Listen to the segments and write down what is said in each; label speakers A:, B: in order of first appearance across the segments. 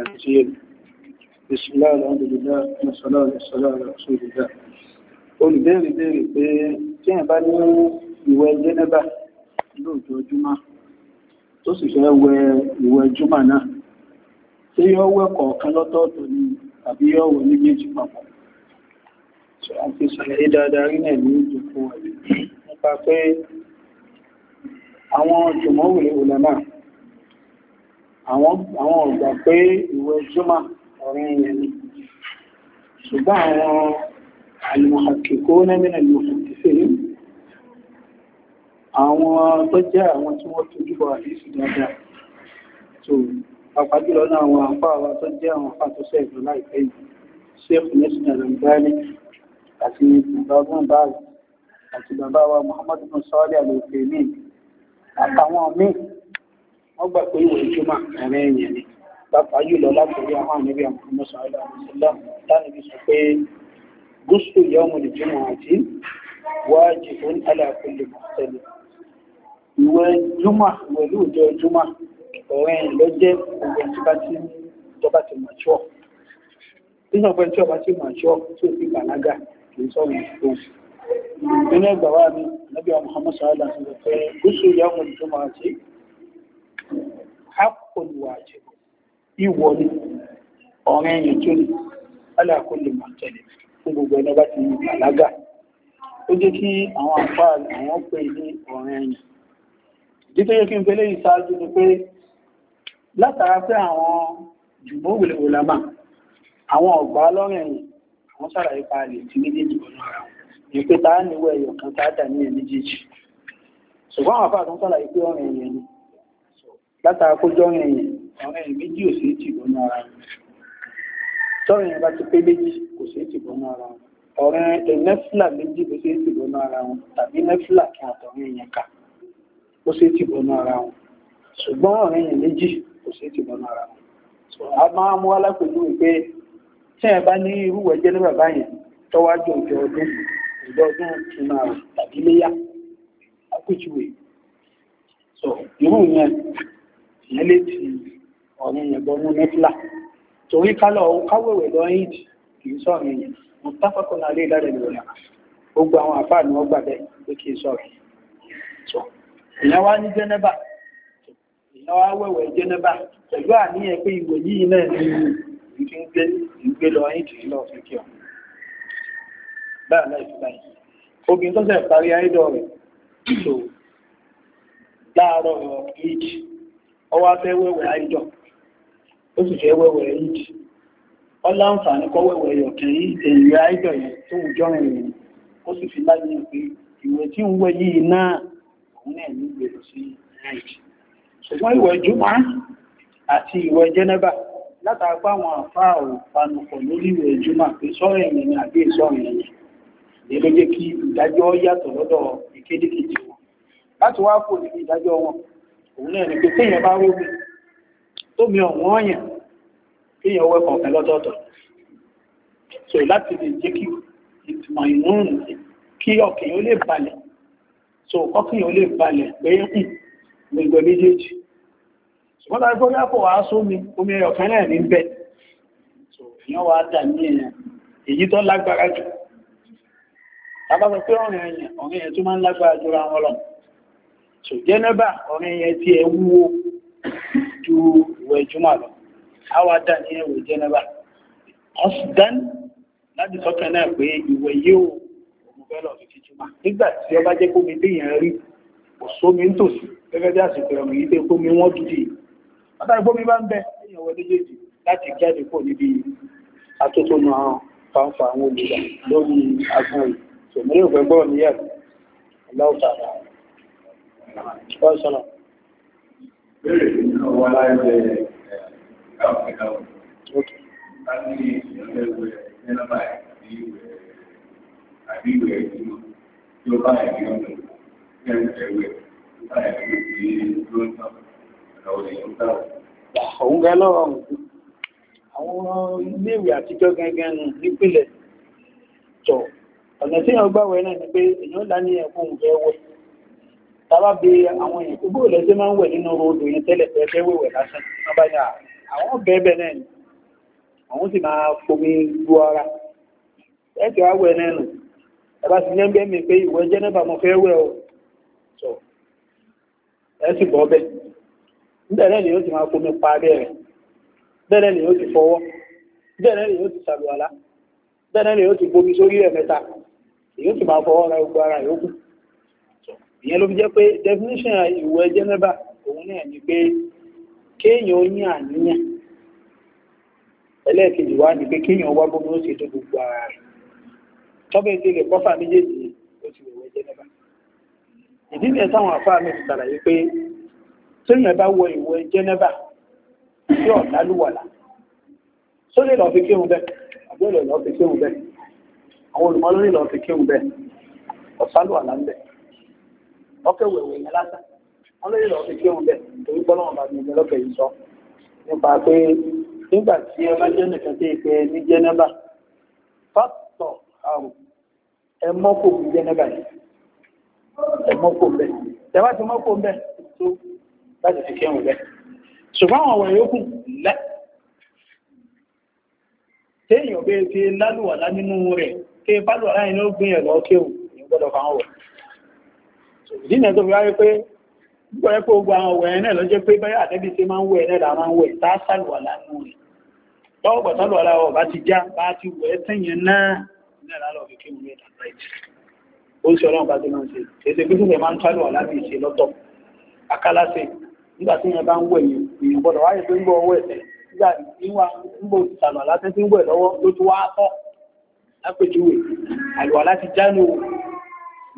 A: الرحمن الرحيم بسم الله الحمد لله والصلاة والسلام على رسول الله olùbéèrè béèrè pé tí ẹ̀ bá ní ìwẹ̀ jẹ́nẹ́bà lóòjọ́ júmọ́ tó sì fẹ́ wẹ ìwẹ̀ júmọ́ náà tí yóò wẹ̀ kọ̀ọ̀kan lọ́tọ̀ọ̀tọ̀ ni àbí yóò wẹ̀ ní méjì papọ̀ tí a fi ṣàlàyé dáadáa rí náà ní ìjọpọ̀ nípa pé àwọn jùmọ̀wé olàmá àwọn ọ̀gbà pé ìwẹ̀ jùmọ̀ ọ̀rẹ́ yẹn ni ṣùgbọ́n àwọn alìmọ̀kìkó nẹ́mìnà ló fún ti fèrè àwọn tó jẹ́ àwọn tí wọ́n tó jùbọ̀ àdísù dáadáa tó pàpàjùlọ náà àwọn àpáàwà tó jẹ́ àwọn àpá tó sẹ́ ìlú láìpẹ́ yìí sẹ́fù nẹ́sìn àlàmbáni àti bàbá gbọ́nbáàlì àti bàbá wa Muhammadu Sọ́ọ́lẹ̀ àlòfèmí àtàwọn míì wọ́n gbà pé ìwé ìjọba ẹ̀rẹ́ ẹ̀yẹ̀ ni pàápàá jùlọ láti rí àwọn àníbí àwọn ọmọọṣọ àìlà àmọṣẹlá tánibí sọ pé gúúsù yọ ọmọ ìjọba àti wáàjì fún aláàkúlè mọ̀tẹ́lẹ̀ ìwé júmà ìwé lóòjọ́ júmà ọ̀rẹ́ ló jẹ́ ọgbẹ́ tí bá ti tọ́ba ti màṣọ́ nínú ọgbẹ́ tí ọba ti màṣọ́ tí ó ti bàlágà kì í sọ̀rọ̀ ìfò nínú ẹgbàá wa ni àníbí àwọn ọmọọṣọ àìlà sọ pé gúúsù yọ ọmọ ìjọba àti haqqul wajib ìwọ ni ọ̀rẹ́ ẹ̀yìn tó ní alákòlè máa tẹ̀lé fún gbogbo ẹ̀nà bá ti bàlágà ó jẹ́ kí àwọn àpá àwọn pè ní ọ̀rẹ́ ẹ̀yìn dípẹ́ yẹ́ kí n pẹ́lẹ́ ìsáájú ni pé látara pé àwọn jùmọ́ wùlẹ̀wùlàmà àwọn ọ̀gbà lọ́rẹ̀ ẹ̀yìn àwọn sàlàyé pa lè ti méjèèjì ọ̀nà ara wọn ni pé ta níwọ̀ ẹ̀yọ̀ kan tá dà ní ẹ̀ méjèèjì ṣùgbọ́n àwọn àpá àtúntàlàyé pé ọ̀rẹ́ ẹ̀yìn látara kó jọrin ẹ̀yìn àwọn ẹ̀yìn méjì ò sí tì lónà ara wọn jọrin ẹ̀ bá ti pé méjì kò sí tì lónà ara wọn ọ̀rẹ́ ẹ̀nẹ́fìlà méjì ló ṣe é tì lónà ara wọn tàbí nẹ́fìlà kí àtọ̀rin ẹ̀yìn kà ó ṣe é tì lónà ara wọn ṣùgbọ́n ọ̀rẹ́ ẹ̀yìn méjì kò sí tì lónà ara wọn a máa mú alákòójú wípé tí ẹ bá ní irú ẹjẹ́ ní bàbá yẹn tọ́wájú òjò ọdún òjò ọdún ìmọ̀ àrùn tàbí léyà akójúwe so irú yẹn ìyẹn lè ti ọ̀run yẹn bọnú mẹ́fìlà torí kálọ̀ káwẹ̀wẹ̀ lọ kì í sọ̀rọ̀ yẹn mo tápákọ̀ náà lè dáre lè wọ̀lá gbogbo àwọn àfáà ni wọ́n gbà bẹ́ẹ̀ pé kì so ìyẹn wá ní jẹ́nẹ́bà ìyẹn wá wẹ̀wẹ̀ jẹ́nẹ́bà pẹ̀lú àníyàn pé yìí náà ni ń gbé lọ lọ fi kí ọ ọwọ́ afẹ́ wẹ̀wẹ̀ àìjọ ó sì fẹ́ wẹ̀wẹ̀ ìjì ọláǹfààní kọ́ àìjọ yẹn tó wù rìnrìn ó sì fi láyé pé ìwẹ̀ tí ń wẹ̀ yìí náà òun náà ní gbèrò sí ṣùgbọ́n ìwẹ̀ jùmọ́ àti ìwẹ̀ jẹ́nẹ́bà àwọn àfáà ò lórí ìwẹ̀ pé àbí òun náà ni pé téèyàn bá rómi tó mi ọ̀wọ́n ọ̀yàn téèyàn wẹ́ kọ̀ọ̀kan lọ́tọ̀ọ̀tọ̀ so láti lè jẹ́ kí ìtumọ̀ ìmúrùn kí ọkàn ó lè balẹ̀ so ọkàn ó lè balẹ̀ pé ń hmm, gbogbo méjèèjì ṣùgbọ́n tàbí kó yàpọ̀ wá sómi omi ẹyọ kan náà ní bẹ́ẹ̀ so èèyàn wá dà ní ẹ̀yàn èyí tó lágbára jù tàbá sọ pé ọ̀rìn ẹ̀yàn ọ̀rìn ẹ̀ tó máa ń lágbára jù ra wọn lọ́nà so jẹ́nẹ́bà ọ̀rin yẹn tí ẹ wúwo ju ìwẹ̀ ìjúmọ̀ lọ awádà ní ẹwẹ̀ jẹ́nẹ́bà ọ̀sùdán láti sọ́kẹ́ náà pé ìwẹ̀ yóò mọ̀bẹ́lọ̀ títí jùmọ̀ nígbà tí ọba jẹ́ kómi dé yẹn rí òsómi ń tòsí gẹ́gẹ́ bí àsìkò ẹ̀rùn yìí pé kómi wọ́n dìde látàrí kómi bá ń bẹ èèyàn wọlé léjì láti jáde kó níbi atótónu àwọn fanfa àwọn olùgbà lórí agbọn yìí tòmílẹ̀ òfẹ́ gbọ́ níyàwó aláwọ̀ tààrà Kọ́sọ̀nà. Bẹ́ẹ̀rẹ̀ ní ọwọ́ aláìsẹ̀ ìgbàmọ̀ẹ̀dáwọ̀. Ok. Láti ní ìrìnlẹ́wẹ̀ ẹ̀nàmà àbí ìwẹ̀ ìgbìmọ̀ tí ó bá ẹ̀rí ọ̀nà ẹ̀rẹ̀wẹ̀ tó bá ẹ̀rí ọ̀nà Òun gan lọ́rọ̀ ọ̀hún. Àwọn iléèwé àtijọ́ gangan nù nípìnlẹ̀ tọ̀. Ọ̀nà tí èèyàn gbàwẹ̀ náà ni pé èèyàn lá ní ẹ̀kọ́ òun fẹ́ wẹ̀ tàbá bí àwọn èèyàn tó bóòlẹ̀ tí máa ń wẹ̀ nínú odò yẹn tẹ́lẹ̀ tẹ́lẹ̀ wẹ̀wẹ̀ lásán wọ́n bá ní àwọn bẹ́ẹ̀bẹ̀ náà ni àwọn sì máa fomi gbó ara ẹ̀kẹ́ wá wẹ̀ náà nù ẹ̀bá sì yẹn bẹ́ẹ̀ mi pé ìwẹ̀ jẹ́nẹ́bà mo fẹ́ wẹ̀ o sọ ẹ̀ sì bọ́ bẹ́ẹ̀ bẹ́ẹ̀ ni yóò ti máa fomi pa abẹ́ rẹ̀ bẹ́ẹ̀ ni yóò ti fọwọ́ bẹ́ẹ̀ ni yóò ti sàlùwàlá bẹ́ẹ̀ ni yóò ti bomi sórí ẹ̀ mẹ́ta yóò ti máa fọwọ́ ra gbogbo ara yòókù ìyẹn ló fi jẹ́ pé definition ìwẹ̀ jẹ́nẹ́bà òun náà ni pé kéèyàn ní àníyàn ẹlẹ́ẹ̀kejì wá ní pé kéèyàn wá gbogbo ó sì tó gbogbo ara rẹ̀ tọ́bẹ̀ tí lè kọ́fà méjèèjì ó ti wẹ̀ jẹ́nẹ́bà ìdí mi ti ṣàlàyé pé bá wọ sí ọ̀dá lúwàlà fi àbúrò lọ fi fi ń ọkẹ́ wẹ̀wẹ̀ yẹn lásán wọn lóye lọ́ọ́ fi kí òun bẹ̀ torí gbọ́ náà bá mi ní lọ́kẹ́ yìí sọ nípa pé nígbà tí ẹ bá jẹ́ nìkan tí ìpẹ́ ní jẹ́nẹ́bà pásítọ̀ àrùn ẹ mọ́kò ní jẹ́nẹ́bà yìí ẹ mọ́kò bẹ́ẹ̀ ẹ bá ti mọ́kò bẹ́ẹ̀ tó láti fi kẹ́hùn bẹ́ẹ̀ ṣùgbọ́n àwọn ọ̀rọ̀ yòókù lẹ́ téèyàn bẹ́ẹ̀ fi lálùwàlá nínú rẹ̀ kí bálùwàlá yìí ló gbìyànjú ọkẹ́ òun ìgbọ́dọ̀ fáwọn ọ̀rọ̀ ìdínà tó fi wáyé pé gbọ́rẹ́ pé ogun àwọn ọ̀wẹ̀ ẹ̀nẹ́ lọ́jẹ́ pé báyá àtẹ́bí tí máa ń wẹ̀ ẹ̀nẹ́ dáa máa ń wẹ̀ tá sàlùwà lánú rẹ̀ tọ́ọ̀pọ̀ sàlùwà láwọ̀ bá ti já bá ti wẹ̀ tẹ́yìn náà náà lálọ́ fi kí omi ẹ̀dà láìsí ó sì ọlọ́run bá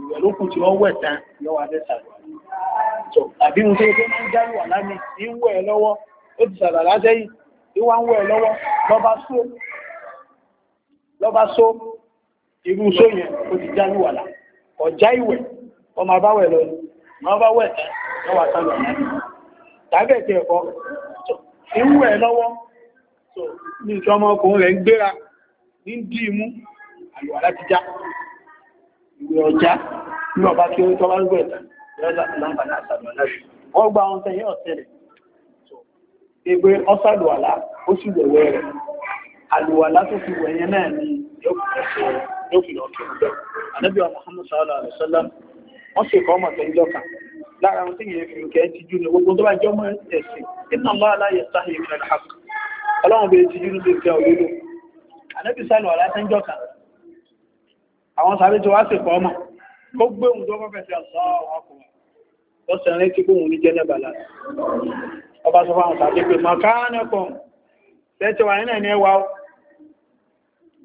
A: ìwẹ̀ ló kù tí wọ́n wẹ̀ tán lọ́wọ́ abẹ́ta so àbí mo tó tó máa ń jáwé wà lámì ní wẹ̀ ẹ lọ́wọ́ ó ti sàrà látẹ́yìn ní wá ń wẹ̀ ẹ lọ́wọ́ lọ́ba só lọ́ba só irú só yẹn ó ti jáwé wà lá ọ̀já ìwẹ̀ ọmọ abáwẹ̀ lọ ni ọmọ abáwẹ̀ tán lọ́wọ́ àtàlù àlá tàbẹ̀ tí ẹ̀kọ́ ní wẹ̀ ẹ lọ́wọ́ ní ìtọ́mọkùnrin rẹ̀ ń gbéra ní dìímú àlùwà ìwé ọjá ní ọba kí ó tọ́wá rúgbẹ̀ wọ́n gba ohun tẹ́yẹ ọ̀tẹ́lẹ̀ ẹgbẹ́ ọ́sàlùwàlá ó sì wẹ̀wẹ̀ rẹ̀ àlùwàlá tó fi wẹ̀yẹ náà ni yóò fi lọ́kẹ̀ẹ́ lára ohun tí yẹ fi ǹkẹ́ ti jú ní gbogbo tó bá jọ mọ́ ẹ̀sìn iná lọ́ aláyẹ̀ sáhìí ìrìnàlá ọlọ́run bèèrè ti jú ní bí ǹkẹ́ òlúlò ànẹ́bìsálọ̀ aláṣẹ́jọ́ kan àwọn sàárè tí wá sì kọ́ ọmọ ó gbé òun tó kọ́kẹ́ sí àlọ́wọ́ ọkùnrin ó sì rìn kí kóhun ní jẹ́nẹ́bàlá ọba sọ fáwọn sàárè pé mọ̀kánẹ́kùn tẹ́tí wà nínà ní ẹwà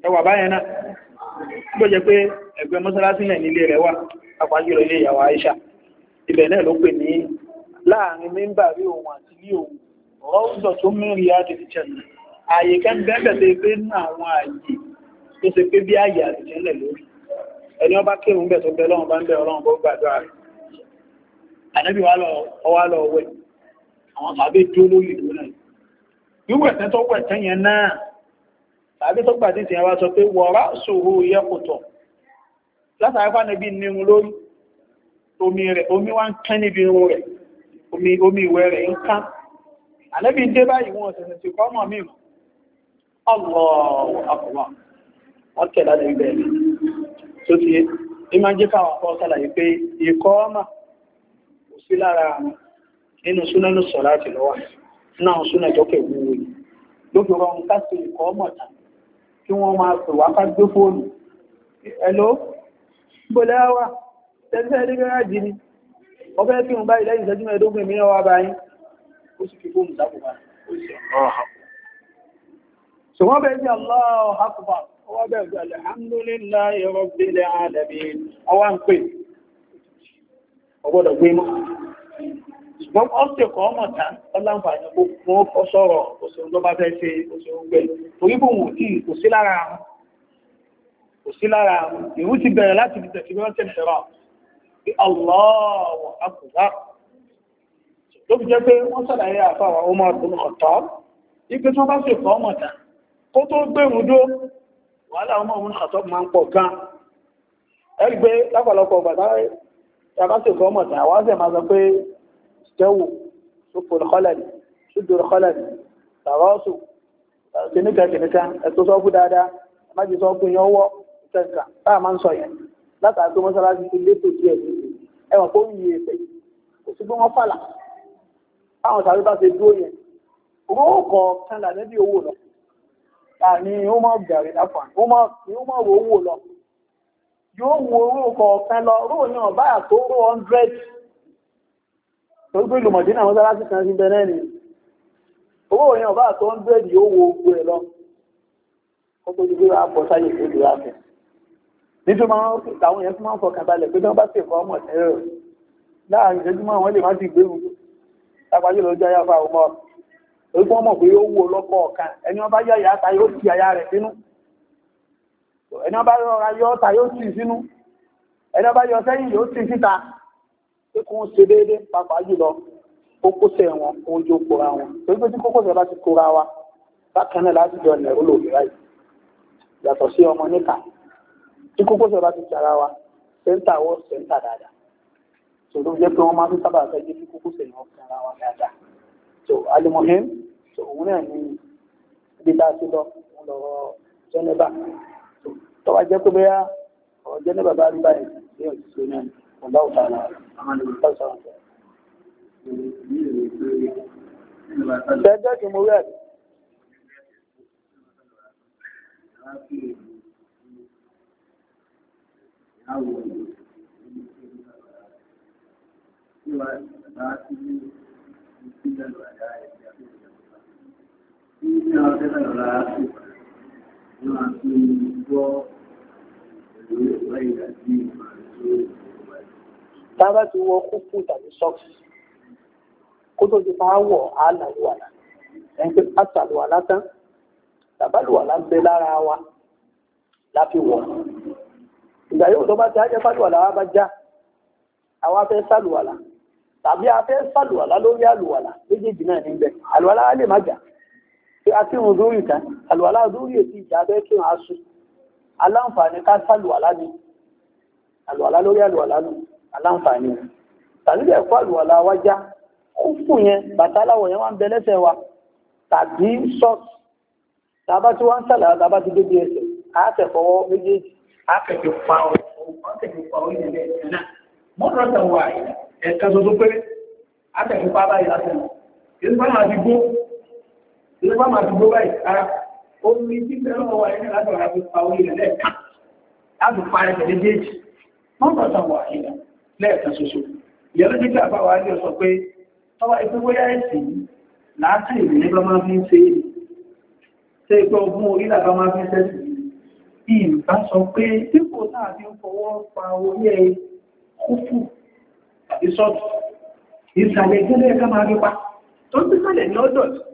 A: ẹwà báyẹn náà bó jẹ́ pé ẹgbẹ́ mọ́sálásí náà nílé rẹ̀ wà apájúlọ ilé ìyàwó Aisha ibẹ̀ náà ló pè ní láàrin mímbàrí òun àti ilé òun rọ́ùsọ̀ tó mẹ́rin adìrì jẹ́nà àyíkẹ́ bẹ́ẹ̀ bẹ̀ẹ̀ pé ní àwọn àyè tó ṣe pé bí àyè àdìjẹ́lẹ̀ lórí ẹni ọba kí òun bẹ̀ tó bẹ lọ́wọ́ bá ń bẹ ọlọ́run bó gbàdúrà rẹ̀ ànábì wà lọ ọwá lọ wẹ̀ àwọn tàbí dúró lórí ìlú náà wíwẹ̀ tẹ́ tó wẹ̀ tẹ́ yẹn náà tàbí tó gbà títì yẹn wá sọ pé wọ̀rá ṣòro yẹ kò tọ̀ látàrí fánibí nínú lórí omi rẹ̀ omi wá ń kán níbi irun rẹ̀ omi ìwẹ̀ rẹ̀ ń kán ànábì dé báyìí wọn ṣẹ̀ṣẹ̀ ti kọ́ mọ̀ mí mọ̀ ọlọ́ọ̀ àkùnwà wọ́n tẹ̀lá lè bẹ̀rẹ̀ tó ti ní máa jẹ́ káwọn akọ́ sálàyé pé ikọ́ ọmọ kò sí lára àwọn nínú súnà ní sọ̀rọ̀ àti lọ́wà náà súnà jọ́kẹ̀ wúwo ni lóbi rọrùn ká sí ikọ́ ọmọ tà kí wọ́n máa pè wá ká gbé fóònù ẹ̀lọ́ gbọ́lẹ́ wà tẹ́lifẹ́ ẹ̀rí gẹ́rájì ni ọbẹ̀ fi hùn báyìí lẹ́yìn ìṣẹ́jú mẹ́ẹ̀ẹ́dógún mìíràn wà báyìí ó sì fi fóònù sápò báyìí ó sì ọ̀rọ̀ àkùbà ọwọ́ bẹ̀rẹ̀ alhamdulillahi rabbil alamin ọwọ́ ń pè ọgbọ́dọ̀ gbé mọ́ ṣùgbọ́n ọ́sẹ̀ kan ọmọ ta ọlànfààní fún ọsọ̀rọ̀ òṣèlú tó bá fẹ́ ṣe òṣèlú gbẹ̀ torí bò wù tí kò sí lára àwọn kò sí lára àwọn wàhálà ọmọ òun àtọ́ máa ń pọ̀ gan ẹ̀rí pé lápàlọpọ̀ gbàtàrí yàbáṣe gọ́mọ̀ tí àwọn àṣẹ máa sọ pé jẹ́wò ṣùpò lọ́kọ́lẹ̀dì ṣùdò lọ́kọ́lẹ̀dì tàrọ́ọ̀sù kìníkà kìníkà ẹ̀tọ́ sọ fún dáadáa májì sọ fún yẹn wọ́ kẹ̀kà táà máa ń sọ yẹn látàrí pé mọ́sálásí ti létò díẹ̀ ẹwà kó yí èpè kò sí pé wọ́n fàlà táwọn sàrí bá ṣe dúró yẹn owó kọ̀ọ̀kan là níbi owó náà àní ó mọ̀ gàrí lápàá ó mọ̀ wò wò lọ yóò wo oró kọ̀ọ̀kan lọ ró náà báyà tó ró 100 tó gbé lùmọ̀dínà wọ́n sára sí kan sí bẹ̀rẹ̀ ni owó òyìn báyà tó 100 yóò wo ogbó ẹ̀ lọ ó tó ti gbé wá bọ́ sáyé tó lè ráfẹ́ nítorí máa ń àwọn èèyàn tó máa ń fọkàn balẹ̀ pé wọ́n bá sì fọ́ ọmọ ẹ̀rọ láàrin ìṣẹ́jú máa wọ́n lè má ti gbé wù lápájú lọ́jọ́ yáfà ọmọ orí kọ́ mọ̀ pé ó wú ọlọ́kọ̀ ọ̀kan ẹni ọba yọ ìyá ta yóò ti àyà rẹ̀ sínú ẹni ọba rọra yọ ọta yóò tì sínú ẹni ọba yọ sẹ́yìn yóò tì síta pé kó ń ṣe déédéé pàápàá jùlọ kókósẹ̀ wọn kó ń jó kóra wọn torí pé tí kókósẹ̀ bá ti kóra wa bákan náà láti jọ nẹ̀rú lòdì ráì yàtọ̀ sí ọmọ níta tí kókósẹ̀ bá ti jara wa sẹ́ńtà wọ́ sẹ́ńtà dáadáa tòló jẹ́ pé wọ́n máa ń sábà fẹ́ jẹ́ kí kókósẹ̀ yẹn ó fi ara wa dáadáa tó alimohim òun náà ní ibi tá a ti lọ òun lọ́rọ̀ jẹ́nẹ́bà tó wá jẹ́ pé bóyá ọ̀rọ̀ jẹ́nẹ́bà bá rí báyìí ní òṣìṣẹ́ náà ọ̀dọ́ ọ̀tá àlà àmàlẹ́gbẹ̀ẹ́ Bẹ́ẹ̀jẹ́ kí mo rí àdì. Ìwà ìgbà tí ó ń gbé ìgbà lọ́wọ́ ní ọjọ́ ìrọ̀lá àti wọn àti gbọ́ ìwé ìwé ìdájí ìmọ̀ àti ìwé. Tábà ti wọ kúkú tàbí sọ́ọ̀sì. Kó tó ti máa wọ̀ á làlùwà lá. Ẹni pé á tàlùwà látán. Tàbá lùwà lá ń bẹ lára wa láfi wọ̀. Ìgbà yóò tó bá ti ájẹ́ fálùwà làwa bá já. Àwa fẹ́ sálùwà lá. Tàbí a fẹ́ sálùwà lá lórí àlùwà lá. Méjèèjì náà ní bẹ̀. Àlùwà lá lè má jà tí a kí wọn lórí ìtàn àlùwàlá lórí èsì ìjà abẹ́ kí wọn á sùn aláǹfààní ká sàlùwàlá ni àlùwàlá lórí àlùwàlá nù aláǹfààní tàbí bẹ́ẹ̀ kọ́ àlùwàlá wa já kó fún yẹn bàtà aláwọ̀ yẹn wá ń bẹ lẹ́sẹ̀ wa tàbí sọ́ọ̀t tàbá tí wọ́n ń sàlàyé tàbá ti débi ẹsẹ̀ á tẹ̀ méjèèjì á pa ọ̀ ìlú bá máa dùgbò báyìí ara omi tí fẹ́ràn wà ní látọ̀rọ̀ àti pa orí rẹ̀ lẹ́ẹ̀kan láti pa ẹsẹ̀ méjèèjì wọ́n bọ̀ tàn wà ìlà lẹ́ẹ̀kan ṣoṣo ìyẹ́lú títí àbáwá ilé sọ pé tọ́wọ́ ikú bóyá ẹ̀sìn yìí láti ìlú ní bá máa fi ń ṣe é ṣe ìpẹ́ ogún orí làbá máa fi ń ṣẹ́sì yìí ìbá sọ pé dípò náà fi ń fọwọ́ pa orí ẹ̀ kúfù àti sọ́ọ̀tù ìsàlẹ̀ ìgbẹ́lẹ̀ ẹ̀ká máa fi pa tó ń tẹ́sàlẹ̀ ní ọdọ̀tù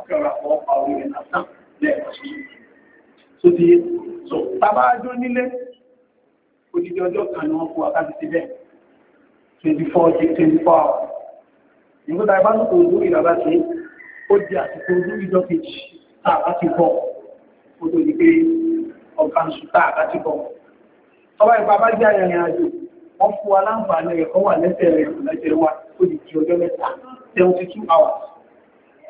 A: ọkàrà fọ́ ọpa orí rẹ̀ lásán lẹ́ẹ̀kan ṣoṣo tó ti yé so bàbá ajó nílé odidi ọjọ́ kan ni wọ́n fún wa káàkiri síbẹ̀ twenty four twenty four hours ìwé ta bá lóko ojú ìlàbá ṣe ó di àsìkò ojú ìjọ kejì tá a bá ti bọ̀ ó tó di pé ọ̀gá ń sùn tá a bá ti bọ̀ ọba ìpa bá jẹ́ arìnrìn àjò wọ́n fún wa láǹfààní ẹ̀kọ́ wà lẹ́sẹ̀ rẹ̀ lẹ́sẹ̀ wa ó di di ọjọ́ mẹ́ta seventy two hours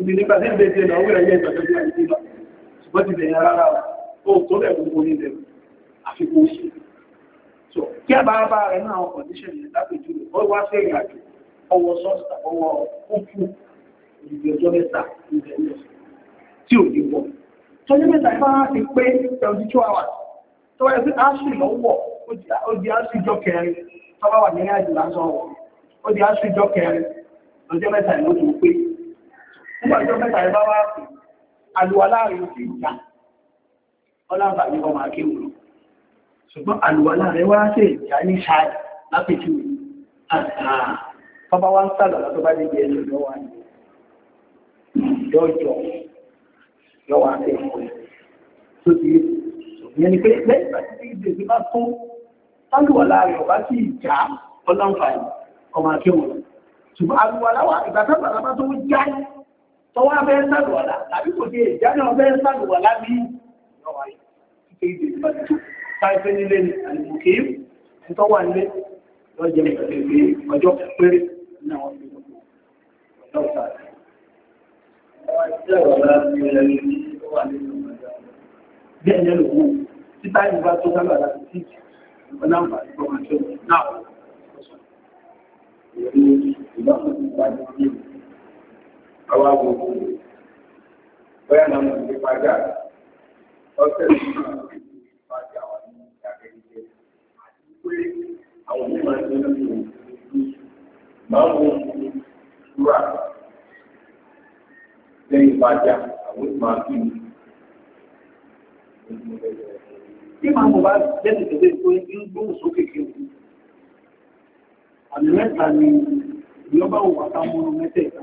A: Ibi nípa tí ń bèèrè ẹ̀nà owó ẹ̀yẹ ìgbàgbẹ́gbẹ́ àìsí lọ. Ṣùgbọ́n ti bẹ̀rẹ̀ rárá o tó lẹ̀ gbogbo ní ilẹ̀ àfikún oṣù. So, kí a bá bá rẹ̀ náà àwọn condition yẹn lápèjú rẹ̀, ó wá sí ìrìn àjò, ọwọ́ sọ́ọ̀sì ọwọ́ kúkú, ìgbì ọjọ́ mẹ́ta, ìgbẹ̀ tí ò ní wọ̀. Tọ́jú mẹ́ta bá ti pé 72 hours, tó wáyé sí áṣì lọ́wọ́, ó di áṣì jọ kẹrin, tọ́bá wà ní ìrìn àjò lásán wọ̀, ó di áṣì jọ kẹrin, ọjọ́ mẹ́ta ìlú tó pé Nígbà tó mẹ́ta ẹ bá wá pè, àlùwà láàrin òfin ìjà, ọlọ́mbà ní ọmọ akéwò. Ṣùgbọ́n àlùwà láàrin wá sí ìjà ní ṣáà lápẹ̀tì Bọ́bá wá ń sàlọ̀ lọ́tọ́ ni. Dọ́jọ́ lọ́wọ́ akẹ́kọ̀ọ́. Tó ti yẹn ni pé lẹ́yìn ìgbà tí ìgbèsí bá tún sálùwà láàrin ọ̀bá sí tọwọ́ abẹ́ sàlùwàlá tàbí kò dé ìjáde ọbẹ̀ sàlùwàlá ní ọwà yìí kéde ìbàdàn táìpẹ́ nílé ní àlùmùkí ìtọ́wà nílé lọ́jẹ́ ìpèsè ọjọ́ péré ní àwọn ìgbìmọ̀ ọjọ́ ìsàlẹ̀. Bẹ́ẹ̀ ni ẹlòmú, títà ìgbà tó sábà láti sí ọ̀nà àǹfààní fọ́nmà tó náà. Ìgbà tó ti gbà ní ọdún àwọn agbègbè bẹ́ẹ̀ náà mo ti pàjá ọ̀sẹ̀ tí mo ti pàjá wà ní ìdákẹ́jẹ́ àti pé àwọn onímọ̀ ẹgbẹ́ náà ti máa ń wo ìṣúra lẹ́yìn pàjá àwọn onímọ̀ àti Bí màá mo bá lẹ́nu tẹ̀lé tó ń gbóhùn sókè kí o. Àmì mẹ́ta ni ìyọ́bá òwò àtàwọn mẹ́tẹ̀ẹ̀ta.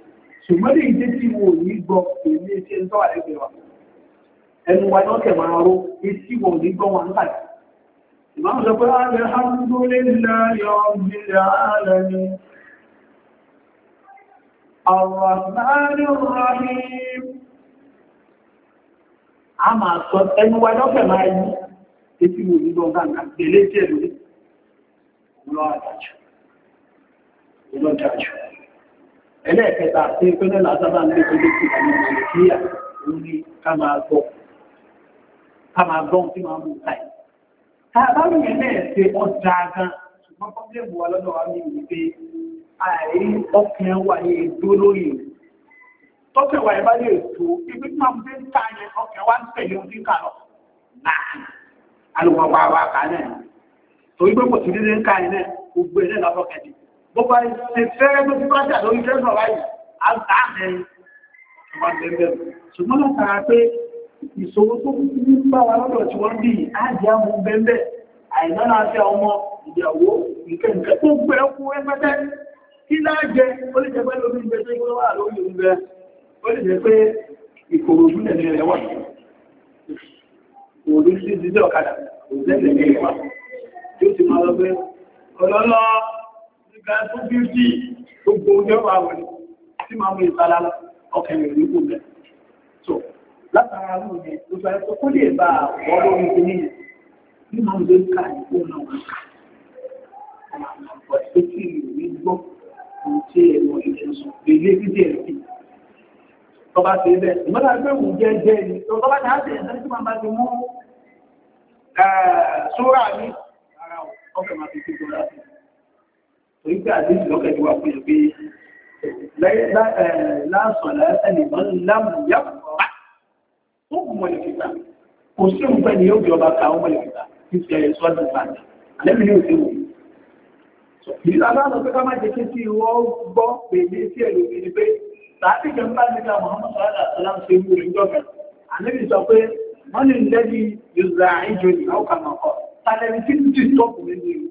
A: ṣùgbọ́n lè jẹ́ tí wo ní gbọ́ èmi ṣe ń tọ́wà lẹ́gbẹ̀ẹ́ wa ẹnu wa náà kẹ̀ máa ró etí wo ní gbọ́ wọn láti ìmáà sọ pé alhamdulillahi rabbil alamin arrahmanir rahim a máa sọ ẹnu wa náà kẹ̀ máa yí etí wo ní gbọ́ gàǹgà gbẹ̀lẹ́ ẹlẹ́ẹ̀kẹta tí ó pẹ́lẹ́ làzábà ń gbé pẹ́lẹ́ sí àwọn nàìjíríà òun ni ká máa gbọ́ lórí rẹ̀. tọ́kẹ̀ lè tó ibi tí máa fi ń ta yẹn ọkàn wa ń tẹ̀lé ojú kà lọ. alùpàpà wa kà torí pé kò dídé ń ká yẹn náà gbogbo náà lọ́ bó bá ṣe fẹ́ ló ti bá jà lórí tẹ́sán báyìí á gbà á mẹ́rin ọmọ bẹ̀rẹ̀ ṣùgbọ́n látara pé ìṣòro tó ní bá wa lọ́dọ̀ tí wọ́n bí ájì àmú bẹ́ẹ̀ àìmọ́nà àti ọmọ ìyàwó ìkẹ́ǹkẹ́ tó gbé ẹkú ẹgbẹ́tẹ́ kí láàjẹ ó lè jẹ pé lórí ìgbẹ́ tó gbé wà lórí ìgbẹ́ ó lè jẹ sí ìdílé ọ̀kadà òòrùn sí ìdílé wà tí ó ti máa lọ pé ọlọ́lọ́ ìgbà tó bí sí gbogbo ọjọ́wà wẹ̀ tí máa mú ìsálá ọkẹ̀rẹ̀ ìlú bẹ̀. so látara ló yẹ gbogbo ẹ̀kọ́ kó lè bá àwọ̀ lórí ìdí nìyẹn ní máa ń gbé ká ìkó náà wọn kà ọ̀pọ̀ tó kí ìròyìn gbọ́ ohun tí ẹ̀rọ ìṣẹ̀sùn lè lé dídí ẹ̀ sí tọba ṣe bẹ́ẹ̀ ìmọ́lá pé òun jẹ́ jẹ́ ni tọba ṣe á ṣe ẹ̀sẹ̀ tí máa bá ti mú ṣúra ní ara ọkọ̀ máa fi kí torí pé àdéhùn lọ́kẹ̀ tí wà fún yẹn pé láàsàn lẹ́sẹ̀lẹ̀ mọ́ lámùyá pàá ó kù mọ́ ìfìta kò sí òun pẹ́ ni yóò jọba ka ọmọ ìfìta tí fi ẹ̀yẹ sọ́dún padà àlẹ́bí ni ó ti wù. Ìlú aláàbò pé ká má jẹ́ kí tí wọ́n gbọ́ pé sí ẹ̀lò mi pé tàbí kan bá ní ká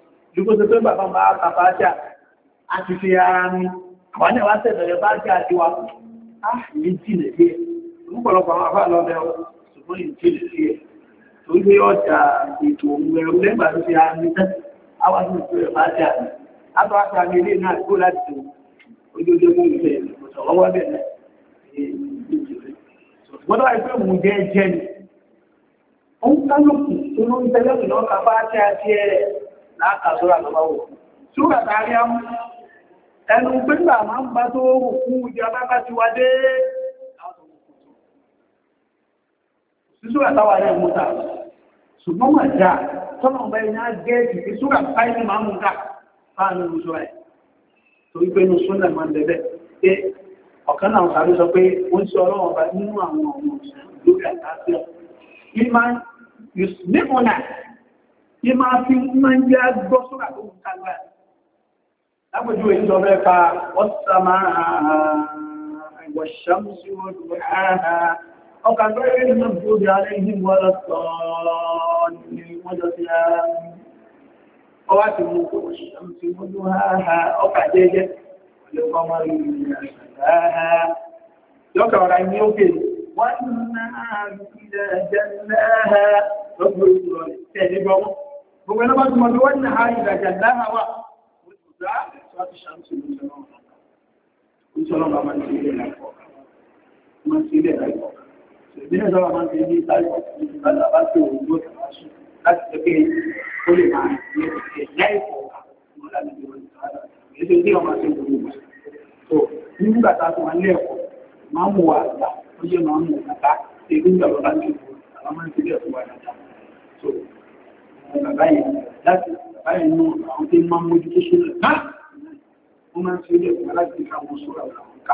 A: Dúgbò tó pé bàbá máa ta fàájà, a ti fi ara ní. Àwọn náà wá tẹ̀lẹ̀ fàájà ti wá. Á yìí jìnà bí ẹ̀. Lúpọ̀lọpọ̀ àwọn afá lọ́bẹ̀ ọ, ṣùgbọ́n yìí jìnà bí ẹ̀. Tó gbé ọjà ètò ohun ẹ̀rọ lẹ́gbà tó fi ara ní tẹ́. A wá sí ìpínlẹ̀ fàájà. A tọ́ àṣà mi ilé náà kó láti tó. jẹ́ jẹ́ láàkà sóra lọ́wọ́ wò ṣúgbà tààrí àmú ẹnu pínlẹ̀ àmá ń bá tó wù fún ìjọ bábá ti wá dé ṣúgbà táwà rẹ̀ mú ta ṣùgbọ́n mà já tọ́nà ọba iná gẹ́ẹ̀kì sí ṣúgbà táì ní máa mú ta fáànù ìrùsọ ẹ̀ torí pé inú súnlẹ̀ máa ń bẹ̀bẹ̀ yí máa fi máa ń jẹ́ gbọ́ sóra tó ń kálẹ̀. Lápẹjú ìjọ bẹ́ẹ̀ ọ̀sàmà ìwọ̀ṣàmùsí Ọ kuma na ba su mata wannan hali da jalla hawa wasu za su shamsu ne shalom ba man sai dai na ko man sai dai na ko sai dai zama man sai dai sai ko Allah ba su wugo ta masu kasu da kai kole ma ne ke yayi ko mu da ne wani tsara ne sai dai ma sai ko to nígbà tá a tún máa ń wà àgbà ó jẹ́ máa ń àgbà ṣe nígbà àwọn máa ń ṣe bẹ́ẹ̀ bàbá yẹn láti bàbá yẹn nù àwọn tí máa ń mójú tó ṣe lẹ̀ náà wọ́n máa ń fi ilé ìwọ̀n láti ká wọn sọ̀rọ̀ àwọn ká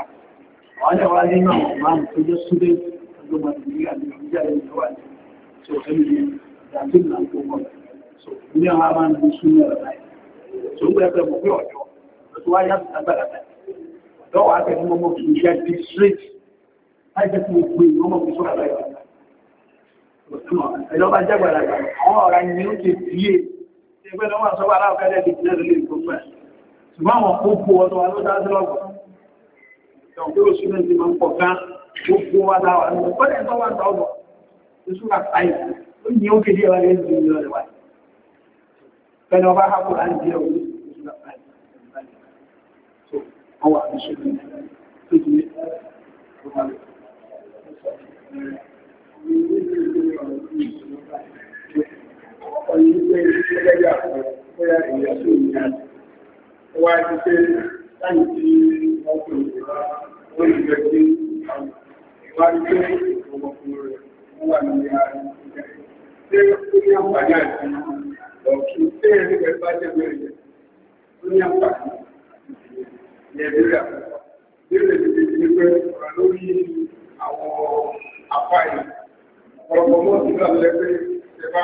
A: àwọn ilé wa nínú àwọn ọmọ àwọn tó jẹ́ súdé ọjọ́ máa tẹ̀lé àti ìjà ilé ìjọba ni tó fẹ́ mi ní ìdàtí ìlànà tó wọ̀ so ilé wa máa ń lu súnmọ́ ọ̀rọ̀ láì tó ń gbẹ́ pẹ́ mọ̀ pé ọ̀dọ́ ló ti wá yàtọ̀ lágbàdà láì fún ọmọ kì ìjọba jẹ́ gbàdàgbà àwọn ọ̀rá ni ó ti fi yé ẹgbẹ́ lọ́wọ́ sọ́wọ́ aláàkẹ́lẹ́ ti tẹ́lẹ̀ lè gbogbo ẹ̀ ṣùgbọ́n àwọn kókó ọdún wa ló dá sí lọ́gbọ̀n ìjọba tó sì ní ti máa ń pọ̀ ká gbogbo wa dá wa ní ọdún tó wà tọ́gbọ̀ tó súnra táyì ó ní ó kéde jẹ́ òun ọ̀yí pé ẹgbẹ́gbẹ́ àpọ̀ bóyá ìyá tó ní àti wá ti pé láì tí wọ́n pè wọ́n lè jẹ́ pé ìwádìí pé ọmọkùnrin rẹ̀ wọ́n wà ní àárín ṣé ó ní àǹfààní àti ọ̀kí ṣé ẹni pẹ̀lú bá jẹ́ bẹ́ẹ̀ jẹ́ ó ní àǹfààní nàìjíríà lérè tètè ti pé ọ̀rọ̀ lórí àwọn apá yìí ọ̀pọ̀lọpọ̀ mọ́ sí ìlànà lẹ́gbẹ́ ìjẹba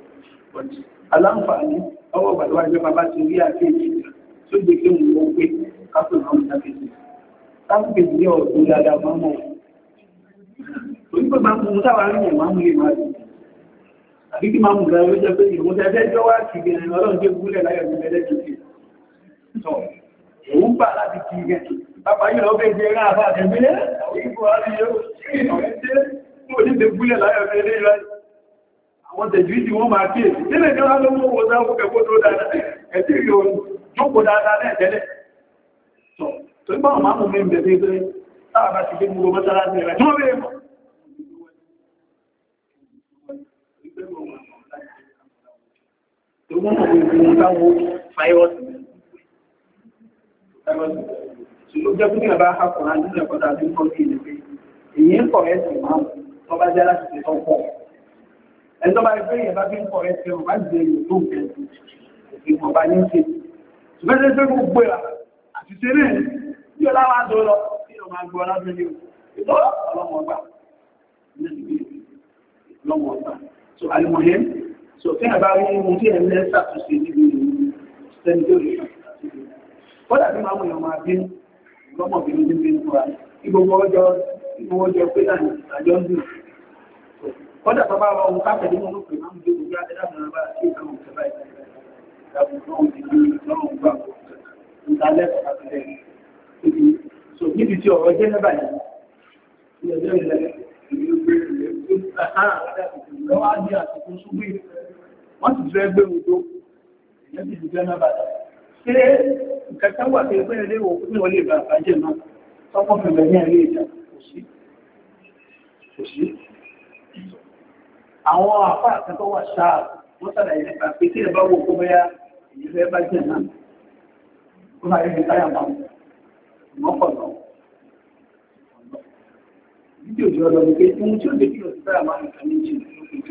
A: aláǹfààní ọwọ́ gbàdúrà ìjọba bá ti rí àkéèjì tó gbé kí òun wọ́n pé kápẹ́ náà ń dákejì kápẹ́ ní ọ̀dọ́ dáadáa máa mọ̀ pé máa mú táwa rí yẹn máa mú lè máa dùn àbí kí máa mú pé ọlọ́run tó gúnlẹ̀ láyọ̀ ní ẹlẹ́ àwọn tẹ̀jìdì wọ́n máa kíyè sí nílẹ̀ kan ló mú owó sáà fúnkẹ́ kótó dáadáa ẹ̀sì rí orin jókòó dáadáa náà tẹ́lẹ̀ tó nígbà wọn máa mú mi bẹ̀rẹ̀ pé táà bá ti gbé mú owó sára sí ẹ̀rẹ̀ tí wọ́n bẹ̀rẹ̀ mọ́ tó wọ́n mọ̀ pé wọ́n táwọn fáyọ́sì tí ó jẹ́ fún ìyàbá akọ̀rọ̀ àti ìjọba àti ìkọ́sí ìlú pé èyí ń kọ̀ ẹ̀sìn máa ń tọ́bá jẹ́ ẹjọ́ bá gbé yẹn bá fi ń kọ̀ ẹ́ tẹ́wọ̀n bá jẹ́ èyí tó ń kẹ́ ìgbìmọ̀ bá ní ṣe ṣùgbẹ́sẹ̀ pé gbogbo ẹ̀ àti ṣe rẹ̀ ní ọlá wa tó lọ sí ọmọ agbó ọlábẹ́ ní ìtọ́ ọlọ́mọ ọgbà lọ́mọ ọgbà so alimọ̀hẹ́ so kí ẹ̀ bá rí ohun tí ẹ̀ ń lẹ́ ṣàtúnṣe níbi ìṣẹ́ni tó rí kódà tí máa ń wọ̀nyàn máa bí lọ́mọbìnrin ní bí ń kura ìgbogbo ọjọ́ pé láàrin àjọ ń dùn kọ́dà tó bá wà ohun káfẹ́ nínú olùpẹ̀ máa ń gbé gbogbo adẹ́dá fún ọba àti ìtàn òkè báyìí ìdàgbàsókè òun ti gbé lọ́rùn gbà ìdálẹ́ àtìlẹ́ so níbi tí ọ̀rọ̀ jẹ́ lẹ́bàá yìí ní ọjọ́ ìlẹ̀ lọ́wọ́ á di àsìkò ṣúgbì wọ́n ti fẹ́ gbé odó ìyẹn ti dùgbẹ́ náà bàtà ṣé nǹkan kan wà pé pé ilé òkú ò lè bàbá náà tọ́pọ̀ fẹ̀mẹ̀ ní ilé ìjà kò sí àwọn àpá àtẹ́tọ́ wà ṣáà wọ́n sàlàyé nípa pé tí bá wo kó bẹ́yà èyí bá jẹ̀ náà kó máa ní táyà máa wọ́n jọ lọ pé ohun tí ó lè bíọ̀ sí máa ń kà ní jù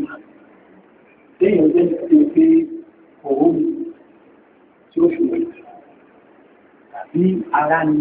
A: náà. pé tí ó tàbí ara ni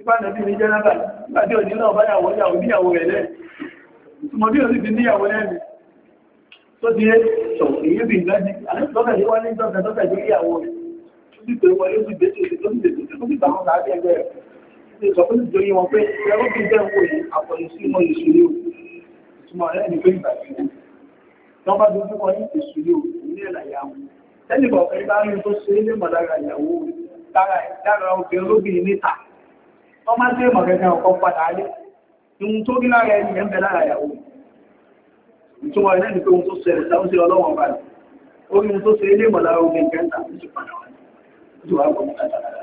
A: ìbánàbí ní jẹ́nàbà nígbàtí òní náà bá yàwó yàwó níyàwó rẹ̀ lẹ́ ìtumọ̀ bí òní ti níyàwó lẹ́nu tó ti yé tọ̀ èyí bí ìgbàjì alẹ́sọ́kẹ̀ yíwá ní ìjọ́sẹ̀ tọ́kẹ̀ tó yíyàwó rẹ̀ tó ti pè wọlé ó ti dé tó ti tó ti dé tó ti bá wọn láti ẹgbẹ́ rẹ̀ ti sọ pé nítorí wọn pé ẹrú bí jẹ́ owó yìí àpọ̀lù sí wọn ìṣúlé o ìtumọ̀ rẹ̀ ni pé ìgbà tí wọn bá dojú wọ́n máa tẹ́ mọ̀ gẹ́gẹ́ ọkọ̀ padà alẹ́ ihun tó rí lára ẹni ẹ̀ lára ìyàwó ìtumọ̀ ilé ní pé ohun tó ṣẹlẹ̀ sáwọn sí ọlọ́wọ́n bá ó ohun tó ṣe ilé ìmọ̀lára ogun ìkẹta ó sì padà wá ní wàá gbọ́ mọ́ta lára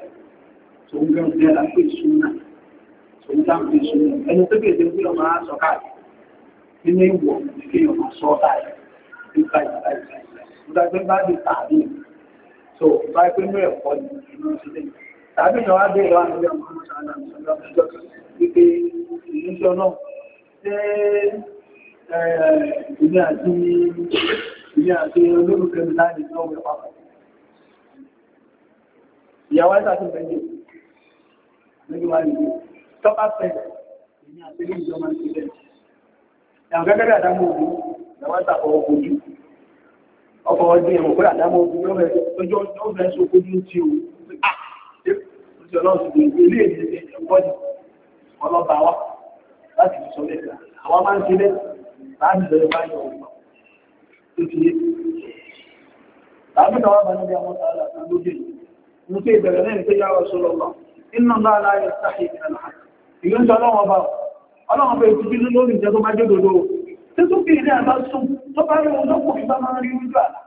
A: rẹ̀ tàbí ìyàwó abẹ́ ìwà àjọ wípé ìníṣọ́ náà tẹ́ ìní àti ìní àti olórúkẹ́ mi láti ìjọ òwe papọ̀. ìyàwó ẹ̀ta tó fẹ́ jẹ́ lójú wa nìyí tọ́pá fẹ́ ìní àti ilé ìjọ máa ń ṣe bẹ́ẹ̀. ẹ̀wọ̀n gẹ́gẹ́ bí àdámọ́ òbí ìyàwó ẹ̀ta fọwọ́ kojú ọkọ̀ ọdún ẹ̀wọ̀n kó àdámọ́ òbí lọ́wọ́ ẹ̀ tó jọ́ ọ̀fẹ́ sókójú ti ti tó ọlọ́run ọba. Ọlọ́run ọba ètò bínú lórí ìjẹ́ tó bá jẹ́ òdodo. Títún kí ilé àbá sùn tó bá rí ohun lọ́pọ̀ ìgbà máa rí ojú àlá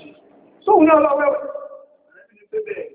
A: sí. Sóhun ní ọlọ́wẹ́wẹ́.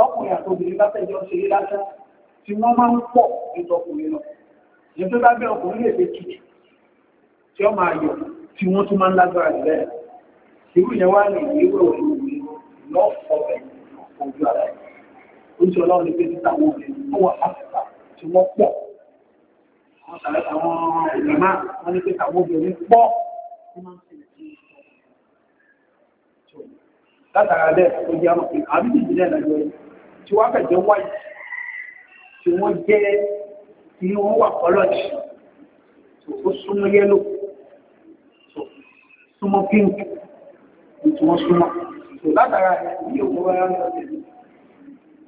A: tọkùnrin àtòbìnrin bá tẹ̀jọ́ ṣe rí lásán tí wọ́n máa ń pọ̀ ní tọkùnrin lọ ní tó bá bẹ́ ọkùnrin lè fẹ́ tutù tí ó máa yọ tí wọ́n tún máa ń lágbára jù lẹ́yìn irú yẹn wá ní ìwé òru mi lọ́fọ̀ọ́bẹ̀ ojú ara ẹ̀ oúnjẹ ọlọ́run ní pé títà wọn ní tó wà áfíríkà tí wọ́n pọ̀ wọ́n sàrẹ́ àwọn ìgbìmá wọn ní pé tàwọn obìnrin pọ̀ wọ́n máa ń ṣe ìdí látara bẹ́ẹ̀ ó àbíjì ìdílé ìdájọ́ tí wọ́n fẹ̀ jẹ́ white tí wọ́n jẹ́ tí wọ́n wà kọ́lọ́jì ó súnmọ́ yẹ́lò súnmọ́ pink tí wọ́n súnmọ́ tó látara ní òun wáyé ọ̀rọ̀ tẹ̀lé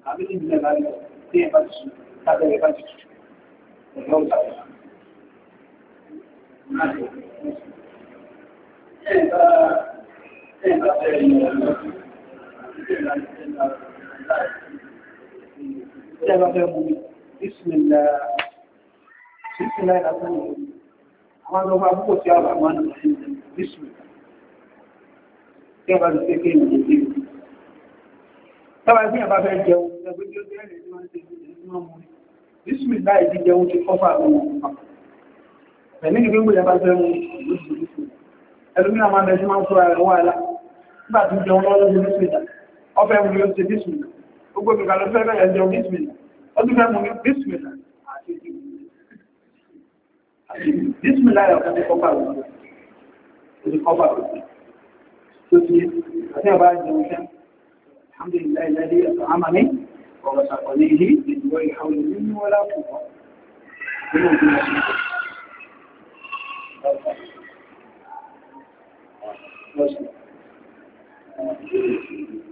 A: àbí ní ìgbìmọ̀ láti tí ẹ̀ bá ti sùn láti ẹ̀ bá ti sùn ọ̀dọ́ ọ̀tà ẹ̀ bá ẹ̀ bá ẹ̀ bá ẹ̀ bá ẹ̀ bá ẹ̀ bá ẹ̀ bá ẹ̀ tẹ́lá fẹ́ mú mi bísímìlá bísímìlá ìlàsán ìlú àwọn ọmọ àbúkò tí a wà máa ń lọ sí bísímìlá kí a bá ti pé kí èèyàn lè dé ìlú tọ́wọ́ ẹgbẹ́ ìyàbá fẹ́ jẹun ẹgbẹ́ tí ó jẹ́ rẹ̀ ní wọ́n ti ní wọ́n mú mi bísímìlá ìdí jẹun ti kọ́ fún àwọn ọmọ pẹ̀lú ìgbé ń gbèyàbá fẹ́ mú ẹlòmíràn máa bẹ sí máa ń fúra rẹ̀ wọ́n àlá nígbà tó jẹun lọ́wọ́ lọ́wọ́ bísímìlá ọfẹ́ mú mi ó ti bísímìlá gbogbo ìgbà lọ fẹ́rẹ̀ ẹ̀jẹ̀ bísmìlá ọdún fẹ́ mú ní bísmìlá àti bísmìlá ẹ̀ ọ̀kan ní kọ́pà rẹ̀ ní kọ́pà rẹ̀ tó ti àti ọba jẹun fẹ́ alhamdulillah ìlẹ́dí ẹ̀sọ̀ amami ọ̀rọ̀ sàkọ̀ ní ilé ìdíwọ́ ìhàwọ̀ nínú wọ́lá púpọ̀ nínú òbí ẹ̀sìn Thank you.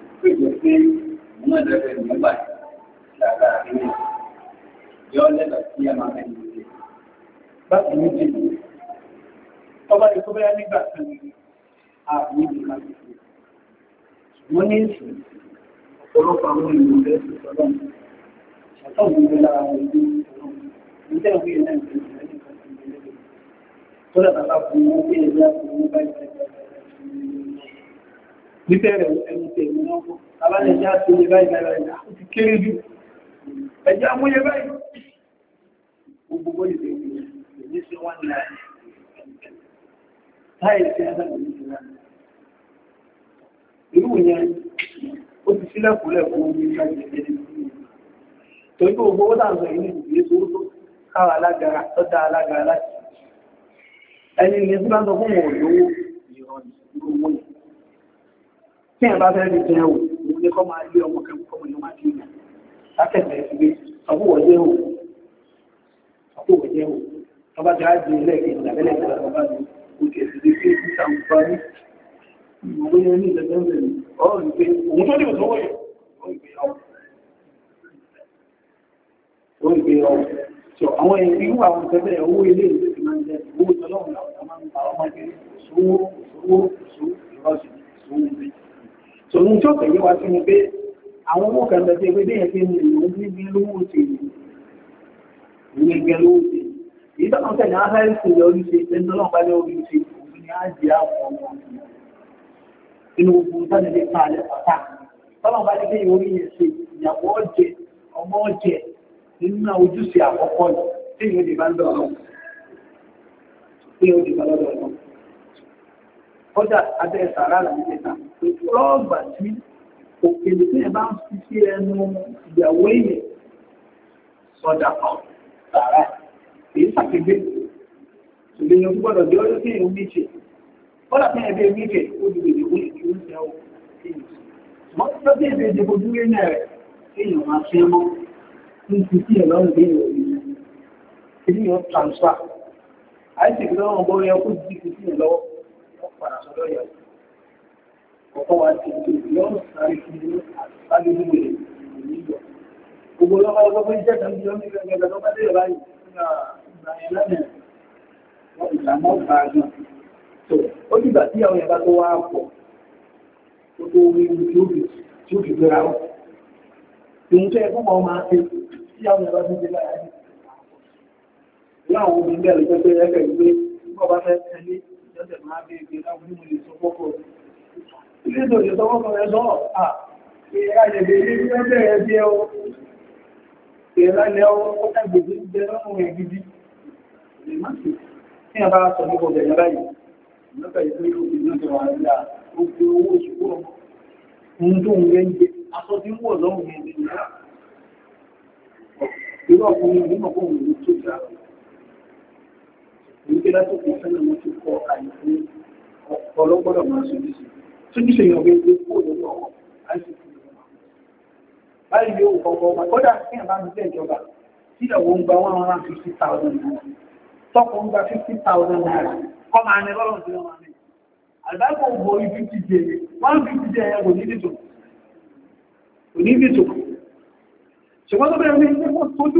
A: pèsè Bákan méjì ni ọba yìí bẹ́yà nígbà kan ní ààbò ìlú kan fi. Wọ́n ní èsì ọ̀pọ̀lọpọ̀ àwọn ìlú rẹ̀ sì sọ́dọ̀ ṣàtọ̀ òun rẹ̀ lára wọn ìlú Ìjẹ́ ìwé náà ti rẹ̀ nítẹ̀rẹ̀ ẹni tẹ̀mí náà fún alájẹjá tó yẹ báyìí lára ẹ̀dá ó ti kéré jù ẹjá mú yẹ báyìí gbogbo ìdè ìdè sí wọn ní àyè táyì sí adájọ́ ìdè irú yẹn ó ti sílẹ̀kùnlẹ̀ fún omi ìgbàjẹ̀ ẹni torí pé gbogbo wọ́n àwọn ẹ̀yìn ìgbìyẹ tó tó káwà alágara tó dá alágara láti ẹni ní ẹgbẹ́ tó fún òun lówó ìrọ̀lẹ̀ lówó yẹn tí ẹ̀ bá fẹ́ rí jẹ́ ò ní kọ́ máa lé ọmọ kẹ́kọ̀ọ́ ọmọ ìyọ́má ti yàn látẹ̀fẹ́ ìgbé ọkùwọ̀jẹ́ ò ọkùwọ̀jẹ́ ò ọba ti rájì ilé àwọn irú àwọn tẹ́lẹ̀ owó ilé ìlú owó tọ́lọ́run àwọn ọmọdé òṣòwò òṣòwò òṣòwò ìrọ̀sìn òṣòwò ìgbé tòun tó tẹ̀lé wa sí ni pé àwọn owó kan lọ sí ẹgbẹ́ bí ẹ̀fẹ́ ní ìlú níbi lówó ti ìwé gẹ lówó ti èyí tó náà tẹ̀lé áhárí sí ilẹ̀ orí ṣe ẹni tó náà bá orí ṣe òun ni á jẹ́ àwọn ọmọ inú ogun tó ní lè pa alẹ́ pátá tọ́lọ́ bá ní pé orí yẹn ṣe ìyàwó ọ̀jẹ̀ ọmọ ọ̀jẹ̀ nínú ojúṣe àkọ́kọ́ yìí tí ìwé ìdìbò ń kọjá abẹ́ sàrà làwọn ẹ̀ta lọ́ọ̀gbà tí òkèlè tí ẹ bá ń fi sí ẹnu ìyàwó èèyàn sọdà kan sàrà èyí sàkégbé ṣùgbọ́n èèyàn gbọ́dọ̀ bí ọjọ́ tí èèyàn méje kọ́dà tí ẹ̀bẹ̀ méje ó di bèbè wọ́n ti ń jẹ́ mọ́ tó tí ẹ̀bẹ̀ ìdìbò dúró náà rẹ̀ èèyàn máa fi mọ́ ń fi sí ẹ̀ lọ́rùn bí èèyàn rí èèyàn transfer àìsèkì lọ́wọ́ bọ́ yẹ kó di fi sí ẹ̀ lọ́wọ́ lọ́yà ọ̀pọ̀ wa ti tó yọ̀ọ́ sáré fún mi àtúntàgbé nígbè nígbà gbogbo lọ́wọ́ ọgbọ́n fún iṣẹ́ kan bí wọ́n ní gbẹ̀ngàn lọ́wọ́ bá dé ìbáyìí nígbà ìgbà yẹn lánàá wọ́n ìlànà ọ̀gá náà tó ó dìgbà tí àwọn ìyàbá tó wá pọ̀ tó tó rí ibi tí ó fi gbéra wọn tòun tó yẹ fún ọmọ máa ṣe tí àwọn ìyàbá tó ń gbé láyà ní àwọn obìnrin bẹ́ẹ̀ lọ́jọ́ pé ẹgbẹ́ ìgbé bọ́ bá fẹ́ tẹ̀lé lọ́sẹ̀ máa bí ibi lábúrú ní ìsọpọ́kọ̀. Ilé ìdòjò sọpọ́kọ̀ rẹ̀ lọ́ à ìrìnàjẹ̀dẹ̀ ilé tí wọ́n bẹ̀rẹ̀ bí ẹ o. Ìrìnàjẹ̀ ọwọ́ ó dàgbègbè ń bẹ lọ́rùn rẹ̀ gidi. Ní àbá sọ nípa ọ̀bẹ̀ yàrá yìí, lọ́kà ìpé òbí náà ti wà nílà ó fi owó oṣù kúrò. Ohun tó ń rẹ̀ ń jẹ, aṣọ tí ń wọ̀ lọ́rùn rẹ̀ nìyà. Irú ọkùnrin ìlú ìwé láti kò fẹ́ lọ́mọ tó kọ ní sí tójú ṣe yàn gbé kó ń gba one hundred and fifty thousand fifty thousand ní lọ́rùn sí ọmọ mi. ní bí tò kò ní bí tò ṣùgbọ́n tó ní ilé mọ́ tójú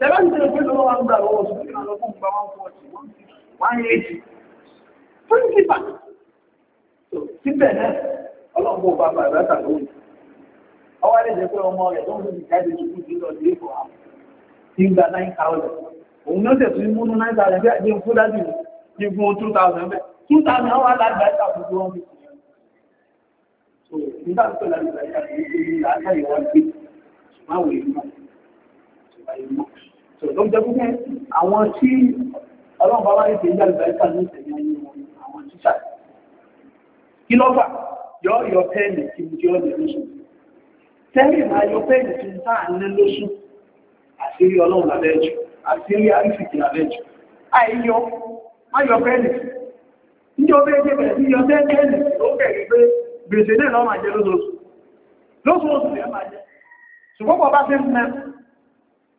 A: Tẹ́lá ti tẹ́lẹ̀ pé lọ́wọ́ wa ń gbà lọ́wọ́ sí ìrìn àlọ́ fún ìgbà wọn fọ́ọ̀tì wọ́n ń èjì. Fún ìgbà. Síbẹ̀ náà, ọlọ́gbọ́n bàbá ìbáta lóhùn. Ọwọ́ lè jẹ́ pé ọmọ rẹ̀ tó ń fi jáde sùkúù sí lọ sí ìfọ̀ àwọn. Ti ń gba nine thousand. Òun náà tẹ̀ tún múnú nine thousand bí àdéhùn fún dájú ní fún two thousand bẹ́ẹ̀. Two thousand wà lágbàá ìtàkùn tó wọ́n So don't I want to. tó jẹ́ pé àwọn tí ọlọ́run bá in ti ń yàgbà ìta ní ìtẹ̀lé ayé wọn àwọn tíṣà kí lọ́fà yọ yọ pẹ́ẹ̀nì tí mo jẹ́ ọ̀dẹ̀ lóṣù tẹ́lẹ̀ máa yọ pẹ́ẹ̀nì tí ń táà ní lóṣù àṣírí ọlọ́run lábẹ́ I àṣírí àrífìkì lábẹ́ jù àìyọ má yọ pẹ́ẹ̀nì ní ọbẹ̀ ẹgbẹ́ Your sí yọ pẹ́ẹ̀nì ó kẹ̀rí pé gbèsè náà lọ́ máa jẹ lóṣooṣù lóṣooṣù lẹ́ máa So what about bá fẹ́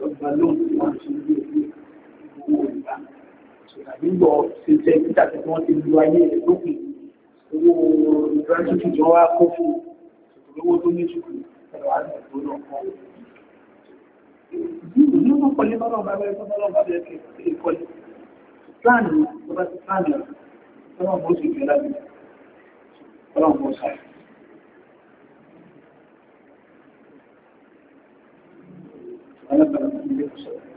A: lọ́gbà lóhùn tí wọ́n ti lé ní owó ìgbà tàbí lọ ṣe jẹ́ títà tí wọ́n ti lu ayé rẹ̀ lókun owó ìgbàlódé tí wọ́n á kó fún owó tó ní ṣùkú ẹ̀rọ àdìgbò náà kọ́. Ìdílé ní wọ́n kọ́lé bọ́lá ọba abẹ́rẹ́ bọ́lá ọba abẹ́rẹ́ kẹ́kẹ́ kọ́lé. Pláàni ọba ti pláàni ọ̀rọ̀ ọlọ́run ó sì fi lábẹ́ ọlọ́run ó sáré. ana ba da